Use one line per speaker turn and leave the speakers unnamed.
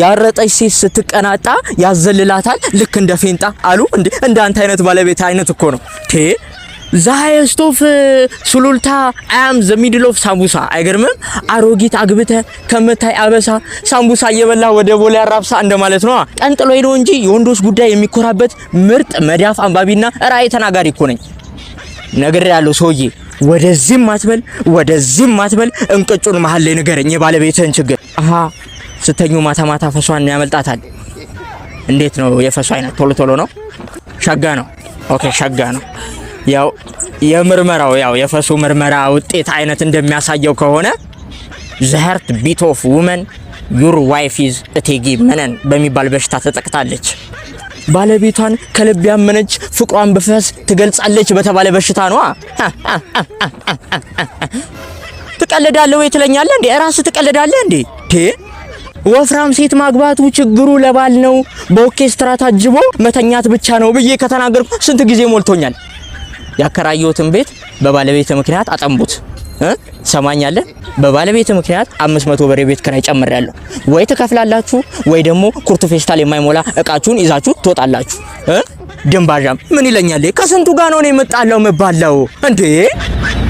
ያረጠች ሴት ስትቀናጣ ያዘልላታል ልክ እንደ ፌንጣ አሉ። እንደ አንተ አይነት ባለቤት አይነት እኮ ነው ቴ ዘ ሃይስት ኦፍ ሱሉልታ አም ዘ ሚድል ኦፍ ሳምቡሳ። አይገርምም? አሮጊት አግብተ ከምታይ አበሳ ሳምቡሳ እየበላ ወደ ቦሌ አራብሳ እንደማለት ነው። ቀንጥሎ ሄዶ እንጂ የወንዶች ጉዳይ የሚኮራበት ምርጥ መዳፍ አንባቢና ራዕይ ተናጋሪ እኮ ነኝ። ነገር ያለው ሰውዬ ወደዚህም አትበል ወደዚህም አትበል። እንቅጩን መሀል ላይ ንገረኝ የባለቤትህን ችግር ስተኙ ማታ ማታ ፈሷን ያመልጣታል። እንዴት ነው የፈሷ አይነት? ቶሎ ቶሎ ነው? ሸጋ ነው? ኦኬ ሸጋ ነው። ያው የምርመራው ያው የፈሱ ምርመራ ውጤት አይነት እንደሚያሳየው ከሆነ ዘሀርት ቢት ኦፍ ውመን ዩር ዋይፍ ኢዝ እቴጌ መነን በሚባል በሽታ ተጠቅታለች። ባለቤቷን ከልብ ያመነች ፍቅሯን በፈስ ትገልጻለች በተባለ በሽታ ነዋ። ትቀልዳለህ ወይ ትለኛለህ እንዴ? ራስህ ትቀልዳለህ እንዴ? ወፍራም ሴት ማግባቱ ችግሩ ለባል ነው፣ በኦርኬስትራ ታጅቦ መተኛት ብቻ ነው ብዬ ከተናገርኩ ስንት ጊዜ ሞልቶኛል። ያከራየሁትን ቤት በባለቤት ምክንያት አጠንቡት ሰማኛለህ። በባለቤት ምክንያት 500 ብር ቤት ክራይ ጨምሬያለሁ። ወይ ትከፍላላችሁ ወይ ደግሞ ኩርት ፌስታል የማይሞላ እቃችሁን ይዛችሁ ትወጣላችሁ። ድንባዣም ምን ይለኛል? ከስንቱ ጋር ነው የምጣለው የምባለው እንዴ?